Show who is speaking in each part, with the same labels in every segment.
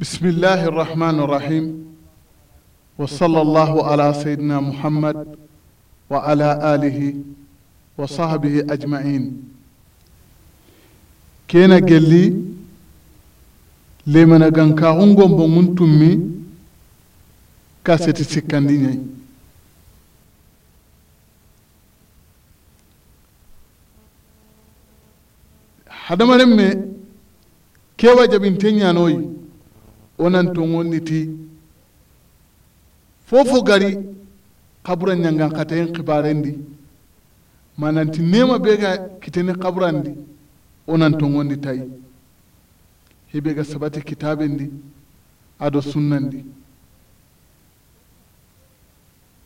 Speaker 1: بسم الله الرحمن الرحيم وصلى الله على سيدنا محمد وعلى آله وصحبه أجمعين كينا قلي لمن غنكا هنغم بمنتمي كاسيتي سكانديني hadamaren me kewa jabin tenya noyi onan to gonniti fofo gari kabura ñangan katayen kibarendi mananti nema be ga kiteni kaburandi onan to gondi tayi hebe ga sabati kitabendi ado sunnandi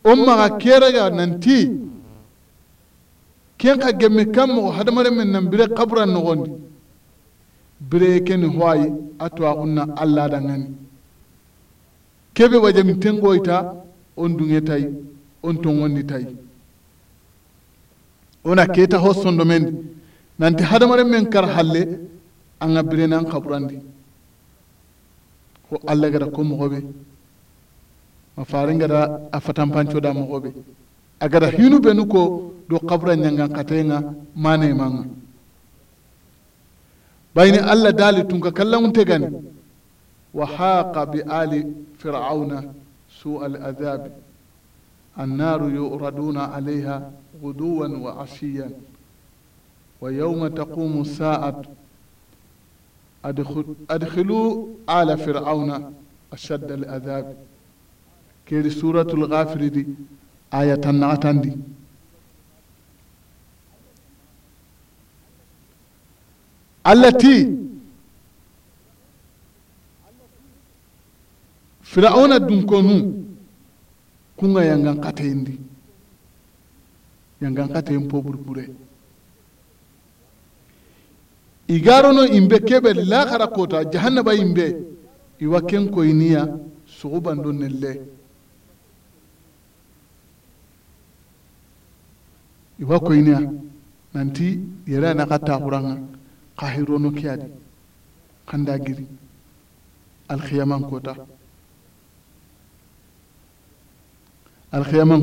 Speaker 1: on maga kerega nanti ken ka gemme kam mogo hadamaden men nan bire kaburan nogondi bire keni hoyi atwa unna allah da ngani kebe waje mitengoita on dunge tay on ton wonni tay ona keta hossondo men nanti hadamaren men kar halle anga bire nan kaburandi ko allah gada ko mogoɓe ma fare gada a fatan panco fatanpancoda mogoɓe a gada hinu benu ko do kabura ñangan katenga manemaga بين ألا دالي تنك كلهم تغني وحاق بآل فرعون سوء الأذاب النار يؤردون عليها غدوا وعشيا ويوم تقوم الساعة أدخلوا آل فرعون أشد الأذاب كير سورة الغافر دي آية النعتان دي allati firauna dunkonu kunga yangan kateindi yangan katein po burpure igarono imbe kebe lakara kota jahannaba imbe iwa ken koyiniya sugubando nelle iwa koyiniya nanti yere anaka takuranga kahirono kiyadi kanda giri alkhiyaman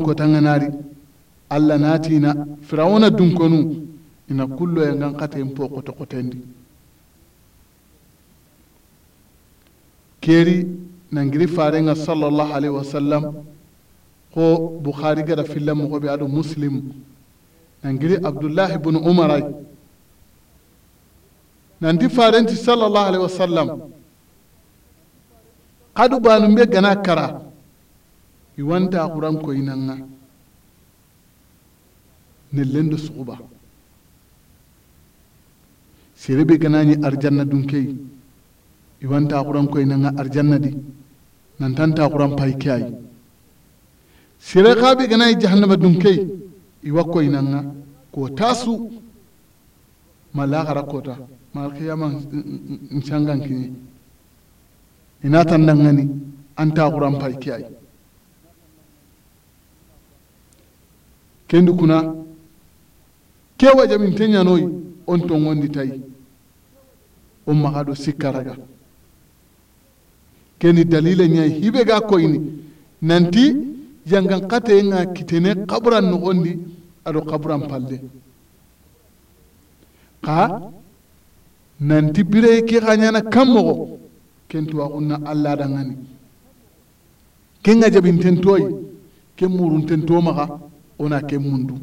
Speaker 1: kota ŋanari allah natina firawuna dunkonu ina kullo kata ŋan katen po kotokotendi keri nangiri farenga sallallahu alaihi wasallam ko bukhari gada filla mogoɓe aɗo muslim nangiri abdullahi bunu Umar. nanti farenti sallallahu alaihi wasallam kadu banu be gana kara wanta quran ko inanga ne lendo be gana ni arjanna dun i wanta quran ko inanga arjanna di nan tanta quran pai kai sere be gana jahannama dun kee i ko inanga ko tasu malaka rakota malkiyama ncangan kini inatan dangani anta quran pay kiyai kendi kuna kewa jamin teñanoyi on ton wondi tayi on maxa ɗo keni dalila ñayi hiɓe ga koyni nanti yangan xateyenga kitene xaburan noxondi aɗo xaburan palle xa nanti bire ke xañana kammoxo ken tuwaxunna alla dangani ken ga jabinten toyi ken murunten to maxa ona ken mundu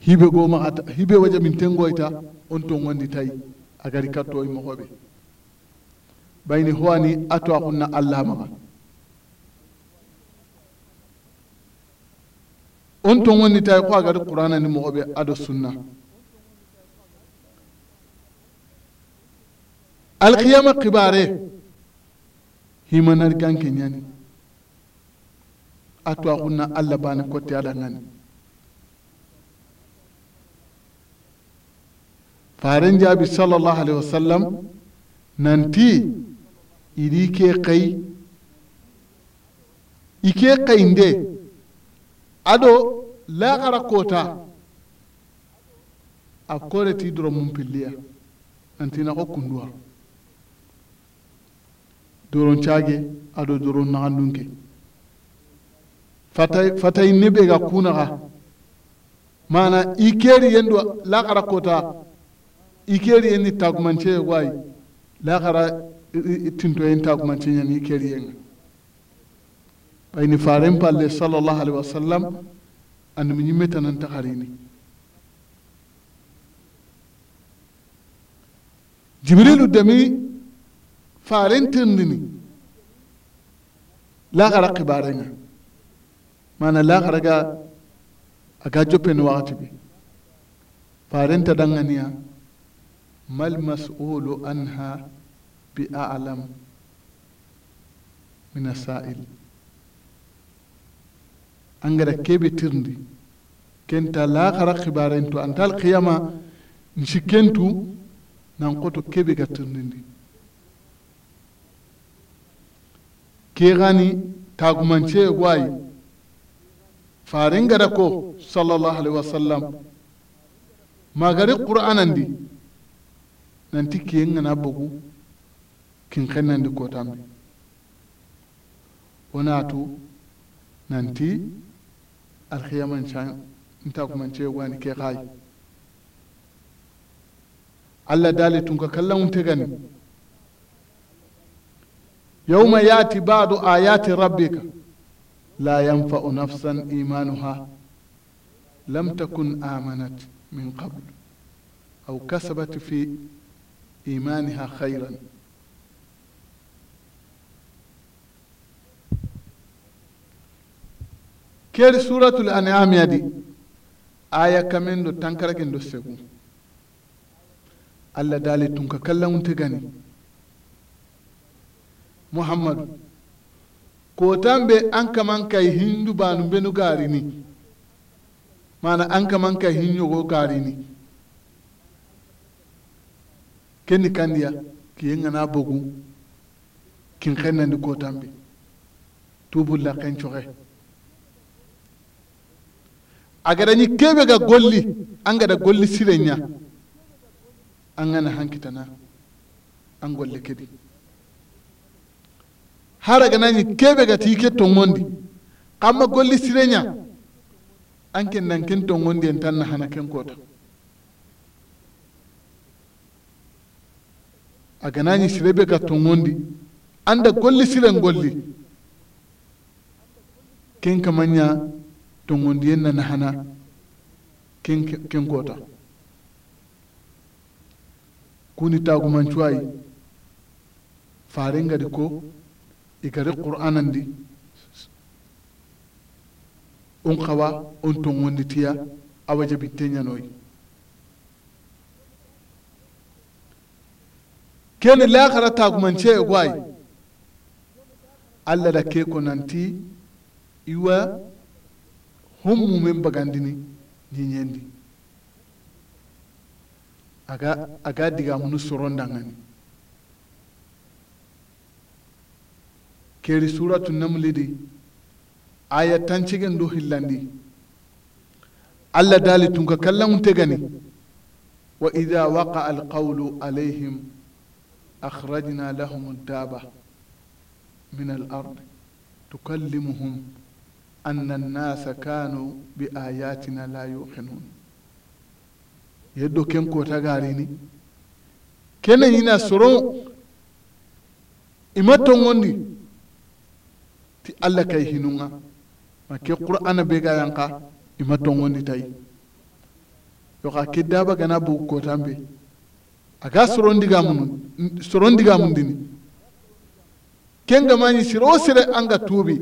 Speaker 1: hibe go maxata hibe wa jabinten goyta on tongondi tayi a gari kattoyi moxoɓe bayni howani a tuwaxunna alla maxa on tongondi tayi xo a gari qur'ana ni moxoɓe ado sunna alkiyama kibare himanar ganke yani a tuwa xunna allah bani kotte adangani faren jaabi sallallahu alaihi wasallam nanti idi ke kai ike ke xayinde ado lakara kota a koreti doro mum pilliya nantina xo kunduwa doron cage ado doron naxandun ke fatayi nebe ga kunaxa mana i keri yendo laxara kota i keri yendi tagumance ye wayi laxara tintoyen tagumance ñani i keri yenga bayni faren palle salallahu alaihi wasallam andimi ñimmetanan taxarini jibrilu demi faren tindini laxara xibarenga mana laxaraga aga joppeni waxati be farenta danganiya mal mas'ulu anha bi a'lam min asail angara kebe tirndi kenta laxara kibarentu antal qiyama nsi kentu nan koto kebe ga tirndindi ke gani tagumance gwai farin gada ko sallallahu alaihi wasallam magari qur'anan di nanti ke ngana bugu kin kannan di tu nan nanti alkhiyaman can nta ce gwani ke kai Allah dali tun ka kallon tegani Yau yawma yati ba'du ayati rabbika la yanfa'u nafsan imanuha lam takun amanat min qabl aw kasabat fi imaniha khayran keri suratul an'am yadi aya kamen do tankaraken do segu allah dali tun ka kallawunte gani muhammadu kotan be an kaman kai hindu banu benu ni, mana an kaman kai hinyogo ni, kenni kandiya kiyen gana bugu kin xennandi kotan be tubulla xen coxe a gada ni kebe ga golli an gada golli sirenya an gana na, an golle kedi Har hara ganani kebe ga tike tongondi kamma golli sirenya anken nan ken tongondi en tan na hana ken kota a ganani sirebe ga tongondi anda golli siren golli ken kamanya tongondi en na hana ken ken kota kuni tagumancuwayi farengadi ko ikari qur'anan di on kawa on tongonditiya awa jabitte ñanoyi kene lakara tagumance e gwayi allah da ke ko nanti iwa hommumen bagandini ñiñendi aga aga digamunu dangani. keri suratu namlidi aya tancigen do hillandi
Speaker 2: allah dali tunka ka kallan
Speaker 1: wa ida waqa alqawlu alayhim akhrajna lahum daba min alard tukallimuhum anna annasa kanu biayatina la yuqinun yeddo ken kotagarini kene ina soron ima ti allah kay hinunga ma ke qur'ana be ga yanka ima tongoni tay yo ka kidda ba gana ko tambe aga sorondiga mun sorondiga ken ga mani siro sire anga tubi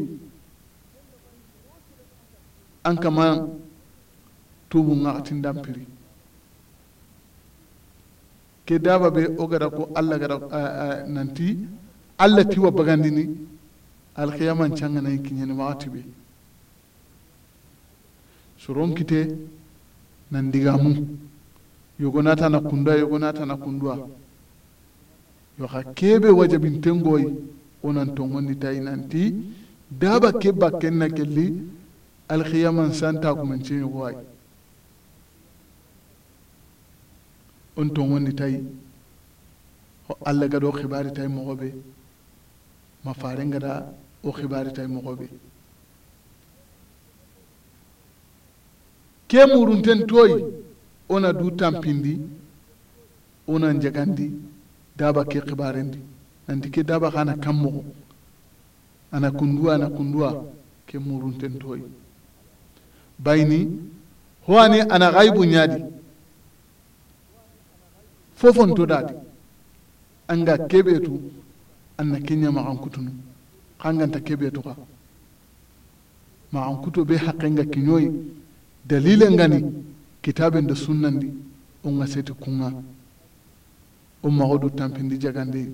Speaker 1: an kama nga ŋaxatindan piri ke daba be o gada ko allah gada nanti allah tiwa bagandini alkiyaman canganayi kiñeni maxati ɓe soronkite nan digamu yogonata na kundua yogonata na kundua yoxa keɓe wajabintengoyi wo nan ti da ba ke bakken na kelli alkiyaman santagumencen yogo wani ta yi ko allah gado kibari ta yi ɓe be mafarin gada o xibaari tay moxo ɓe ke murunten toyi ona du tampindi ona jagandi daba ke xibarendi nanti ke daba xana kam moxo ana kunduwa ana kunduwa ke murunten toyi bayni howani ana xaybu ñaadi fofontodaadi anga keɓeetu anna ke ñamaxan kutunu xanganta kebe toxa ma an kuto be haqenga kiñoyi ngani kitaben da sunnandi on ga seti kunga on maxo du tampindi jagande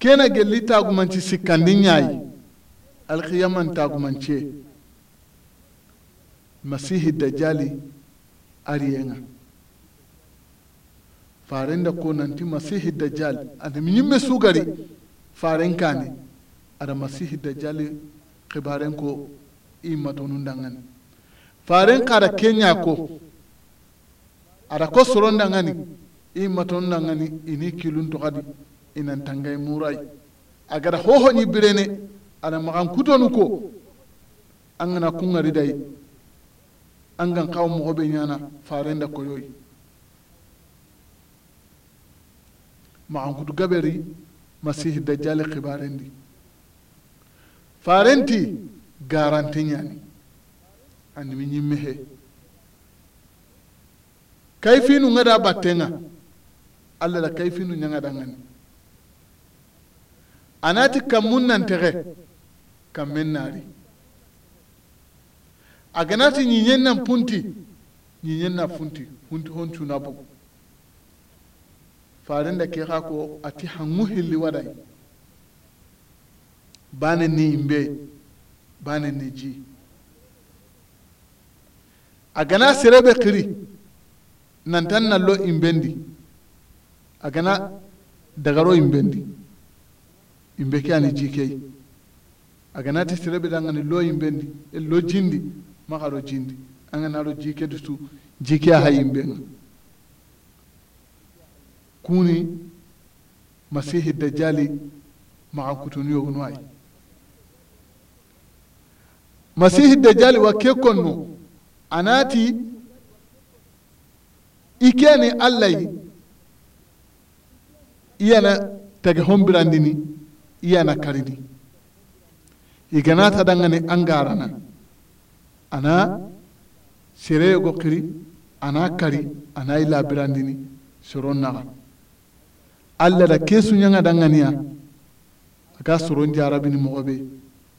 Speaker 1: kena gelli tagumanci sikkandi ñayi alkiyaman tagumancie masihi dajali ariyenga farenda ko nanti masihi dajjal ada ñimme sugari faren kane ada masihi dajjal kibaren ko immatonu ndangani faren da kenya ko ada ko soro ndangani immatonu ndangani ini kilun toxadi inan tangay muray agada ni birene ada magan kutonu ko an gana kungari dayi an gan kawo mɔgɔ bɛ ɲana faren da koyoyi maankutu gaberi masihi dajjali kibarendi farenti garanti ɲani animi ɲimme he kayfinu ŋa da battenŋa alla la kayfinu ɲaŋa danŋani anati kammun nantege kammen naari a ganati ñiñen nan punti ñiñen na funti hunti honcuna bogu farenda ke xa ko ati hanŋu hilli waday bane ni imbe bane ni ji a gana serebe kiri nan tan nantan nallo imbendi a gana dagaro imbendi imbe ke ani ji kei a gana ganati serebe dangani lo imbendi e lo jindi maxaro jindi anganaro jike dutu jike a hayimbenga kuni masihi dajjali maxa kutuniyoxunu ay masihi dajjali wa ke konno anati i keni allahy iyana tage hombirandini iyana karini iganata dangani angarana ana sereye go xiri ana kari ana i labirandini soron naxa alla da ke suɲanga danganiya a ka soron jarabini moxo be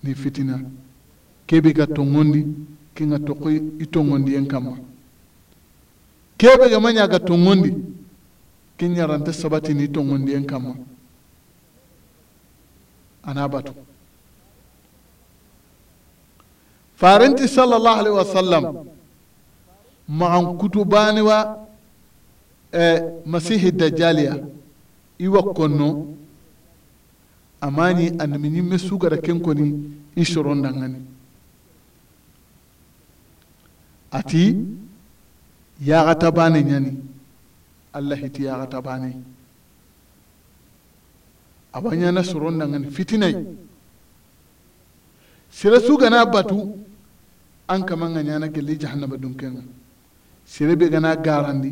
Speaker 1: ni fitina ke kebe ga tongondi ke nga toko i tongondiyen kanma kebe ga maɲa ga tongondi ke ɲaranta sabatini i tongondiyen kama ana batu farinti sallallahu alaihi wa sallam maan kutubaniwa e eh, masihi dajjaliya iwa konno amani anami ñimme sugara kenkoni i sorondangani ati yaxata bani nyani allah hiti yaxata bane na ñana sorondangani fitinai sira sugana batu an kama nga nyana ke li jahannaba dun kenga sere be gana garandi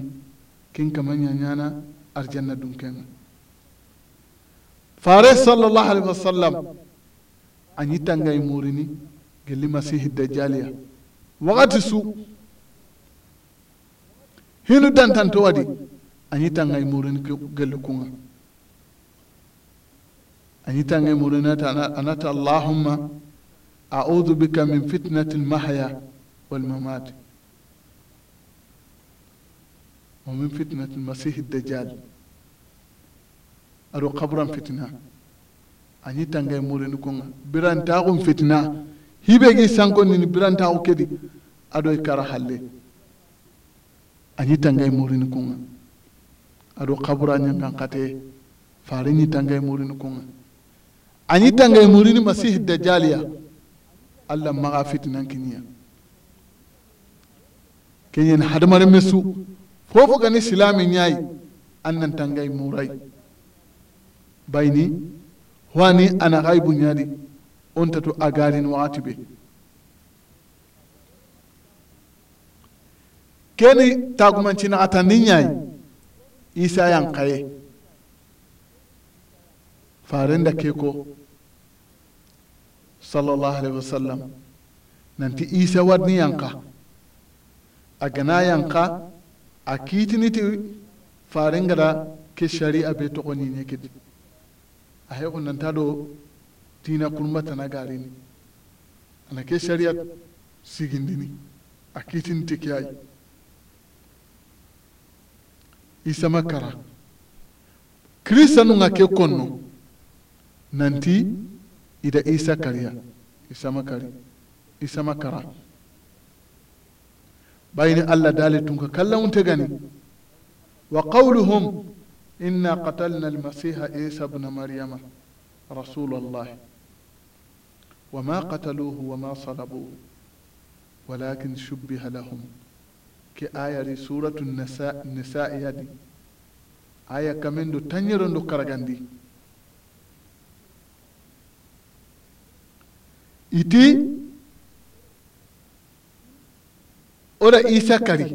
Speaker 1: kin kama nga nyana arjanna dun kenga
Speaker 2: fare sallallahu alaihi wasallam
Speaker 1: a ñittangay murini gelli masihi dajjaliya wakati su hinu dantanto wadi a ñittangay murini gelli kunga a ñittangay murini anata allahumma أعوذ بك من فتنة المحيا والممات ومن فتنة المسيح الدجال أرو قبرا فتنة أني تنغي مورين كونغ بران تاغم فتنة هيبغي سانكو نيني بران تاغو كدي أدو إكارا حالي أني تنغي مورين كونغ أرو قبرا نيان قاتي فاريني تنغي مورين كونغ أني تنغي مورين مسيح الدجال يا allah maga fitinan kiniya keñen hadamaren me su fofo gani silami ñayi an nantangay muray bayni wani ana xaybu ñaadi on tatu a garin be keni isa yankaye
Speaker 2: farenda ke ko
Speaker 1: sallallahu alaihi wasallam nanti isa wadni yanka a gana yanka a kitiniti farin gada ke shari'a bai ne a haikun nan tina kurmata na gari ne ana ke shari'a a kitiniti kiyayi isa makara kirista nun ke konno nanti ida isa kariya isa makari isa makara bayni allah dalitun tun ka ta gani wa qawluhum inna qatalna masiha isa bna maryama rasulullah allahi wama qataluhu ma salabuhu walakin shubbiha lahum ke ayari suratu nisa'i yadi aya kamen do karagandi iti ora isa kari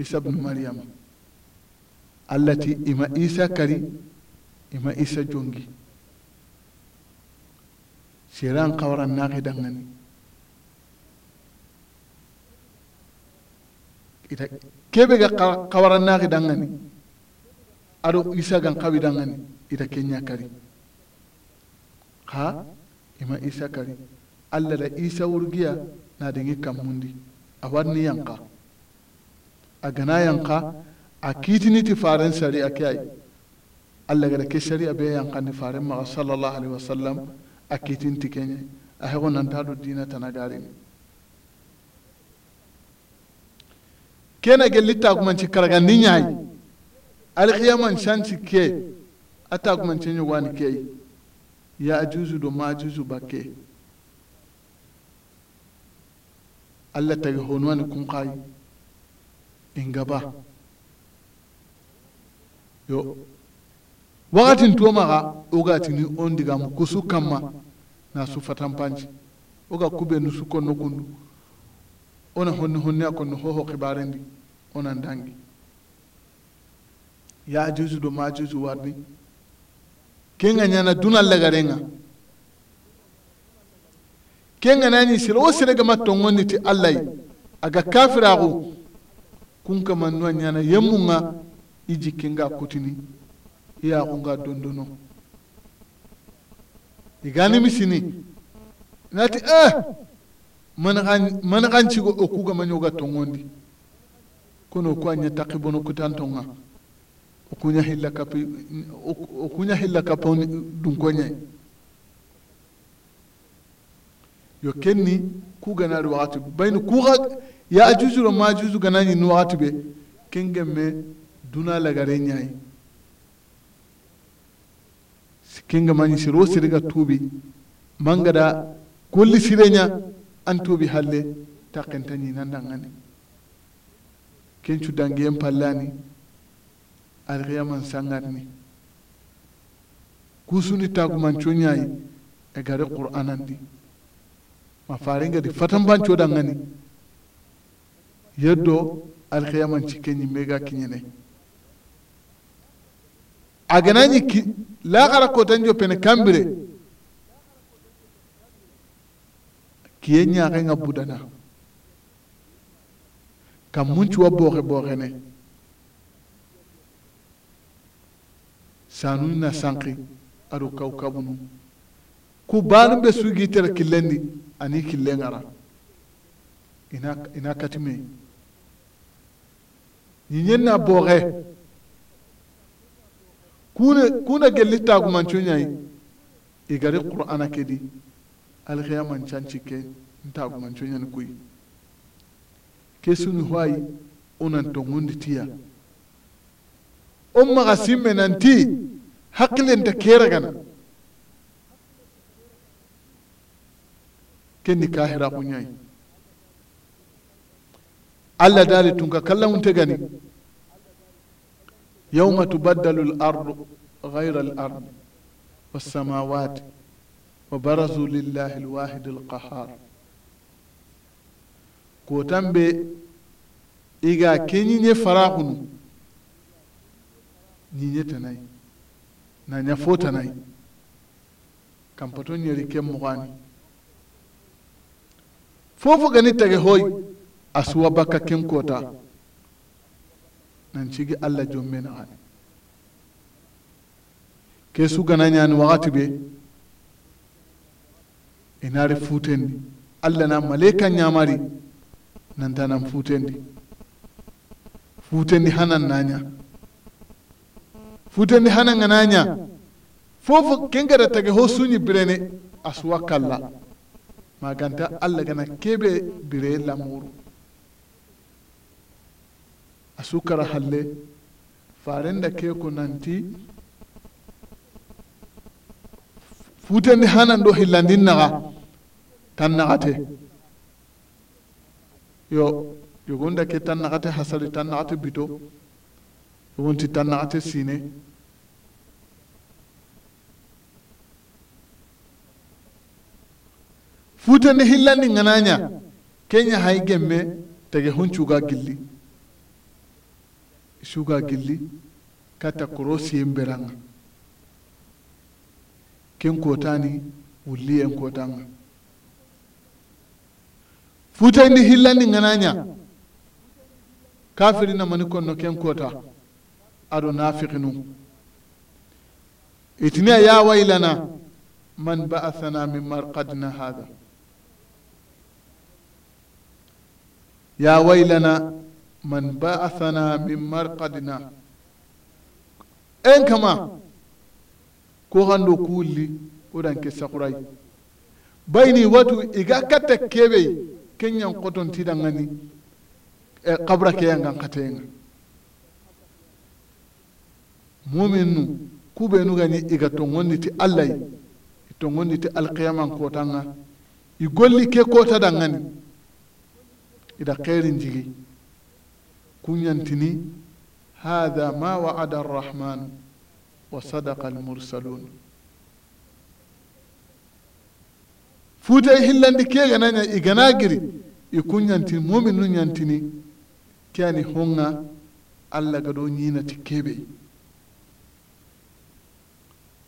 Speaker 1: isa bnu maryama allah ti ima isa kari ima isa jongi seran kawaran naaki dangani ita kebe ga kawaran naaki dangani aro isa gan kawi dangani ita kenya kari ha ima isa kari allah da isa wurgiya na da dingi kammundi a warni yanka a gana yanka a kitini ti farin sari a ke allah ga da ke sari a bai yanka ni farin maga sallallahu alaihi wasallam a ti kenya a hego ta do dina ta na tana garini kena gelli ci karagandi ñayi alkiyaman sanci ke a ci nyugwani keyi ya juzu da ma juzu bake allah tagi honuwani kun kayi in gaba yo wakatin tomaxa oga tini on digamu kusu kanma na su fatanpanci oga kube nu su konno kundu ona honni honni a konno hoho xibarendi onan dangi ya juzu do ma juzu warni kenga nyana duna lagarenga kenga nani sila sira wo seregama tongondi ti allahy aga kafira kafiraxu kunka kamannuwa nyana yemunga iji kenga kutini ya yaxunga dondono igani misini nati eh manaxancigo o kugamañoga tongondi kono ku a ña taxi bono kutantonga O okuña hilla kapi okuña hilla kapawni dunkoñayi yo kenni kuganari wakati bayni kuxa yajujuro majuju ganañinni wakati ɓe kenge me duna lagare ñayi kenga mañi siro siriga tuubi mangada golli sireña an tuubi halle takkenta ñinandangani kencu dangiyen pallani alkiyaman sangarni kusuni tagumancoñayi e gari qur'anandi ma farengedi fatanbancoɗangani yeddo alkiyaman cikke ñimme ga kiñene a gana laxara kotan jopene kambire kiye ñaxenga budana kam muncuwa booxe booxene sanu na sanki ado kawkabunu
Speaker 2: ku banu be sugitera killendi
Speaker 1: ani killen ara ina, ina katime ñiñen na booxe kune kuna gelli tagumancu ñayi i gari qur'ana kedi alxiyaman canci ke ntagumancu ñani kuyi ke suni hoayi unan tongundi tiya un magasin menanti hakilin da kera gana ke nikahira kunyayi allah da tun ka kallon wunta gani yau matu baddalul ardu ghairal ardu was samawat wa barazu lillahi wahidul kahar ko tambe iga kinyi ne fara ñiñete nayi na ñafota nayi kam ñeri ken mugani fofo gani tege hoy a suwa bakka ken kota nan cigi allah jomme naxani ke sugana ñani waxati be inari futendi allah na malaika ñamari nantanan futendi futendi hanan naña futandi hanan gananya fofo kengara tage ho suñi birene asuwa kalla maganta allah gana kebe bire lamuru asu kara halle farenda ke ko nanti futandi hanan do hillandin naga tan nagate yo yogunda ke tan nagate hasali tan nagate bito wonti tan naxate siine futandi hillandi ŋanaña kenya hay gembe tege hun cuga gilli suga gilli kata koro siyen beranga ken kotani wulliyen kotanga futandi hillandi ŋanaña kafiri namani konno ken kota ado nafiqinu itini ya wailana man ba'athana min marqadina hada ya wailana man ba'athana min marqadina en kama ko hando kulli dan ke sakuray bayni watu iga katta keɓey kenñan koton tidangani e ke keyangan katenga muminu kubenu gani iga tongondi ti allah yi tongondi ti alqiyaman kotanga i golli ke kota dangani ida khairin jigi kunyantini hadha ma wa'ada arrahman wa sadaqa almursalun futa hillandi kegananya igana giri i kunyantini muminu nyantini kani honga allah gado ñinati kebe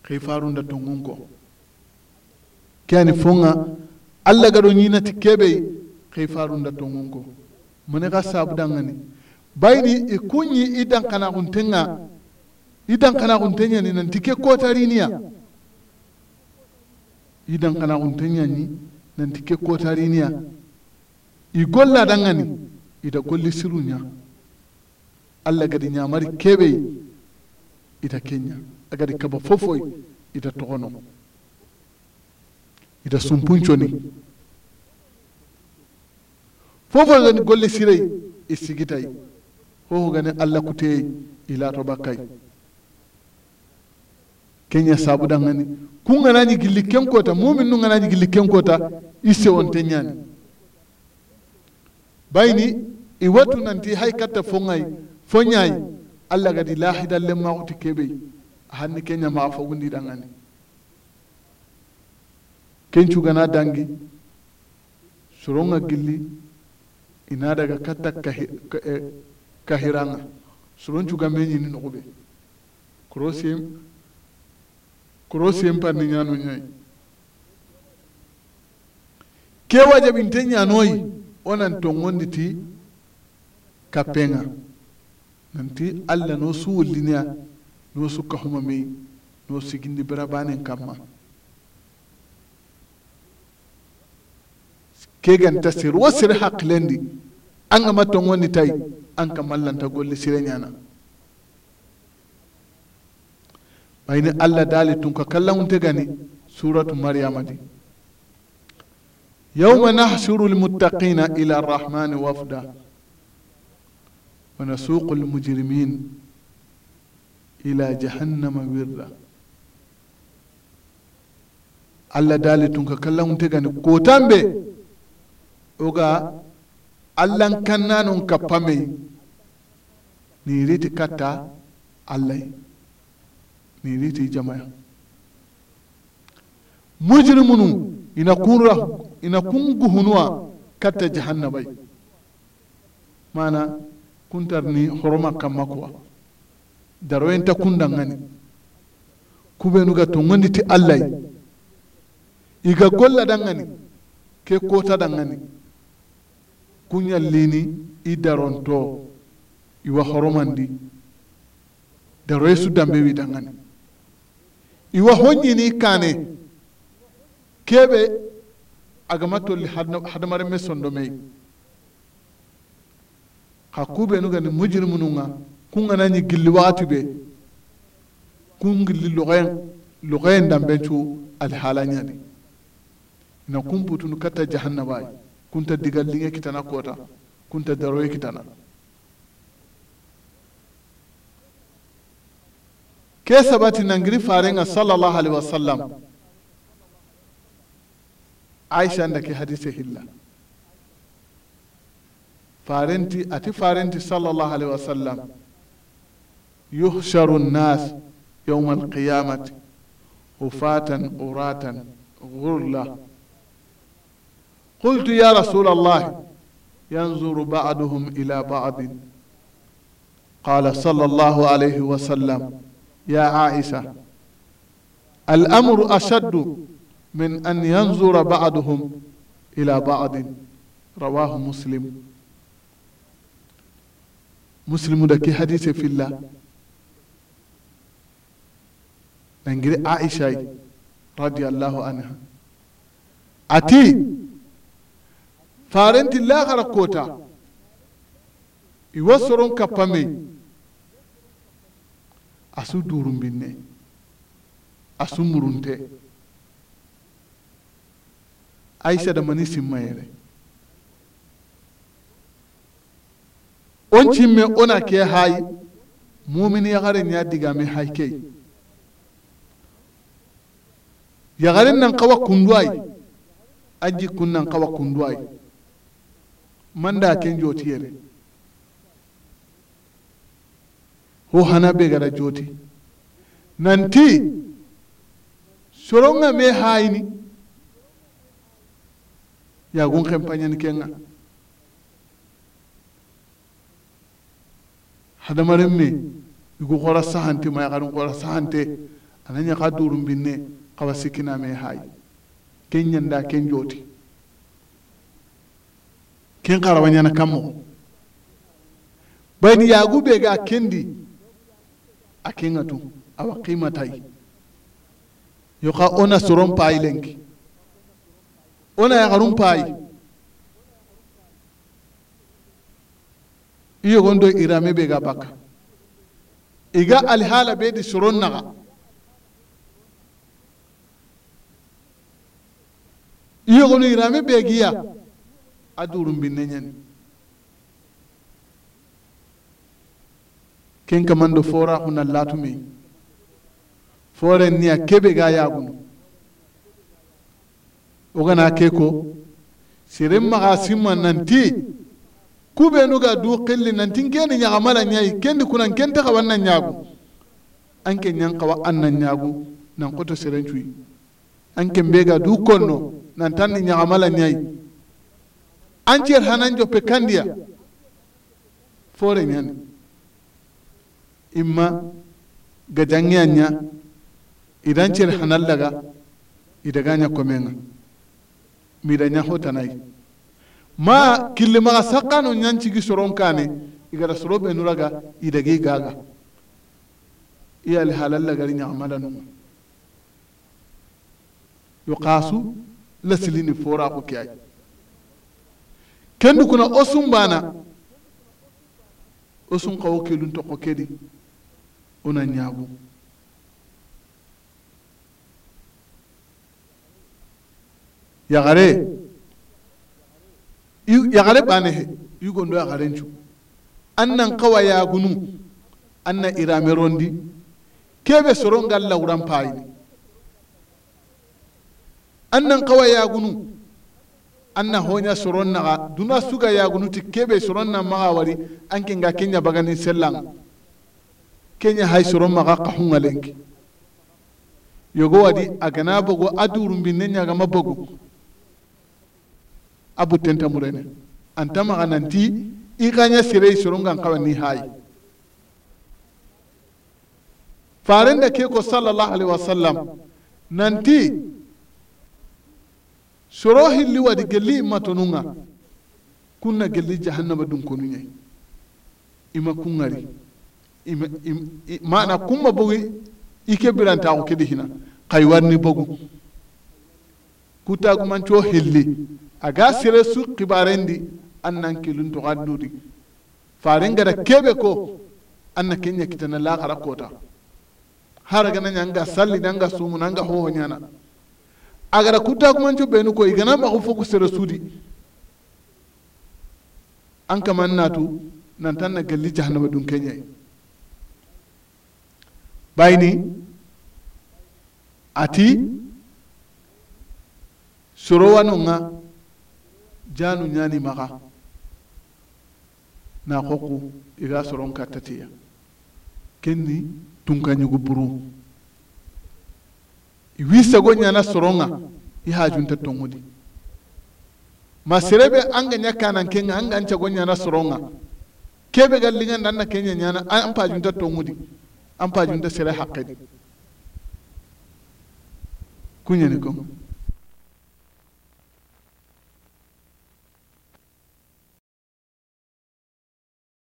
Speaker 1: khifarunda tongun ko kani fonga allah gaɗo ñinati keɓey khifarunda tongun ko mone xa sabu dangani bayni e i kuñi i dankanaxuntenga i dankanaxunteñani nanti ke kotariniya i nan nanti ke kotariniya i golla dangani ida golli siruña allah gadi ñamari kebe ita kenya. agadi kaba fofoy ida togono ida sumpunconi fofoy gani golle sirey i e sigitay hoho gani allah kuteyey ilato bakkay kenya sabudan gani kun ganañi gilli kenkota mumin nu ganañi gilli kenkota i sewonte nyani bayni i e wattu nanti hay katta fo ŋay fo ñayi allah gadi lahidalle maxuti kebe. hanni ke ñama fogundi dangani ken cugana dangi suronga gilli ina daga katta eh, kahiranga soron cugambe ñini noxuɓe korosem korosem parni ñano ñoyi ke wajabinte ñanoyi onan tongondi ti kappenga nanti allah no suwulliniya no sukkahuma mey no kama. Ke gan ta sir wo sir haqilendi an ga matongondi tay an ka mallanta golli sire ñana ɓayni allah dalitun tun ka kallangunte gani suratu maryama di yauma nahsuru lmuttaqina ila arrahmani wafda wa nasuqu lmujrimin ila jahannama wirda allah daali tun ka kallan tegani kotanɓe oga nun ka kappamey ni riti katta Allah, ni riti jama'a mujrimunu ina kunra ina kunguhunuwa katta jahannabay mana kuntar ni horoma kan makuwa. ta darowenta kundangani kubenuga to gonditi allah iga dan dangani ke kota dangani kuñallini i daronto iwa horomandi daroye su dambe wi dangani iwa hoñini kane kebe agama tolli hadamareme sondo meyi xa kubenugani mujrimununga kunganani gilli wagati be kun gilli logoyen logoyen danbencu alhalaɲani na kun putunu katta jahannabayi kunta digallinŋe kitana kota kun kunta daroye kitana ke sabati nangiri farenŋa sallallahu alaihi wasallam aisha ndake hadise hilla farenti ati farenti sallallahu alaihi wasallam يحشر الناس يوم القيامة هفاة عراة غرلا قلت يا رسول الله ينظر بعضهم إلى بعض قال صلى الله عليه وسلم يا عائشة الأمر أشد من أن ينظر بعضهم إلى بعض رواه مسلم مسلم دكي حديث في الله nangiri aisha radiyallahu anha ati farenti lahara kota iwa soron kappame asu binne asu murunte aisha da mani simmayere on cimme ona ke hayi mumini yagare niya digame haykey yagaren nan kawa kunduwai aji kun nan kawa kunduwai man da ken joti yere ho hana be gara joti nanti soronga me hayni yagun kempañani kenga hadamaren me igu xora saxante ma yaxarin xora saxante ana ñaxa durumbin binne. awa sikkiname haayi ken ñanda ken jooti ken xarawañana kam moxo bayni yaaguɓe ga kendi a kenga tun awa qimatayi yoxa ona soron paayi lenki ona yaxarun paayi i yogon do irame ɓe ga bakka iga alhaala ɓe di soron naxa yogonu irami begiya a durum binne ñani ken kamando fora huna latume foren niya kebe ga yagunu wo gana ke ko sirin maga nanti kubenu ga du qilli nanti keni ñagamala ñayi kendi kunan kente xawan na ñagu an ke ñan xawa an na ñagu nan koto seren an anke mbega du konno nan tan ni nyai an cer hanan joppe kandiya fore ñani imma gajangeya idan idancer hanan daga idaga ña komenga mida ñahotanayi ma killimaxa sakkano ñancigi soron kane igara soro ɓenuraga idagi gaga iyali halallaga ri ñaxamala nuna. yuqasu lasilini fora ko ke ay kendu kuna osun bana o sun kawo kelun toko kedi ona ñaagu yagare yagare bane he yugondo yagarencu an nan kawa gunu an na iramerondi kebe soronga lawran payini annan kawa gunu annan honya suron na duna suga gunu ti kebe suron na maga wari anke nga kenya bagani sellan kenya hay soron maga kahunga lenki yogo wadi agana bogo adurum binne nyaga mabogo abu tenta murene anta maga nanti iganya sire suron gan kawa ni hay farin da ke ko sallallahu alaihi wasallam nanti soro hilli wadi gelli imma tonunga kunna gelli jahannama dun konuñayi ima kungari ima, ima, mana kumma bogi ike birantaxu kedi hina xay warni bogu kutagumanco hilli aga sere su xibarendi an nan kilun toxa duri faren gada kebe ko an na kenya kitana laxara kota har haragana ñanga salli nanga sumu nanga hoho ñana agara kuttakumanco benu koy igana maxu fogu sere sudi an kaman natu tan na galli jahannama dun keñay soro ati sorowanonga janu ñani maka na xoqu iga soron kattatiya kenni tunkañugu buru wi sago ñana soronga i hajunta tongudi ma serebe anga ña kenga anga an ñana soronga kebe ga lingan kenya ñana an pajunta tongudi an pajunta sere haqqedi kuñani kom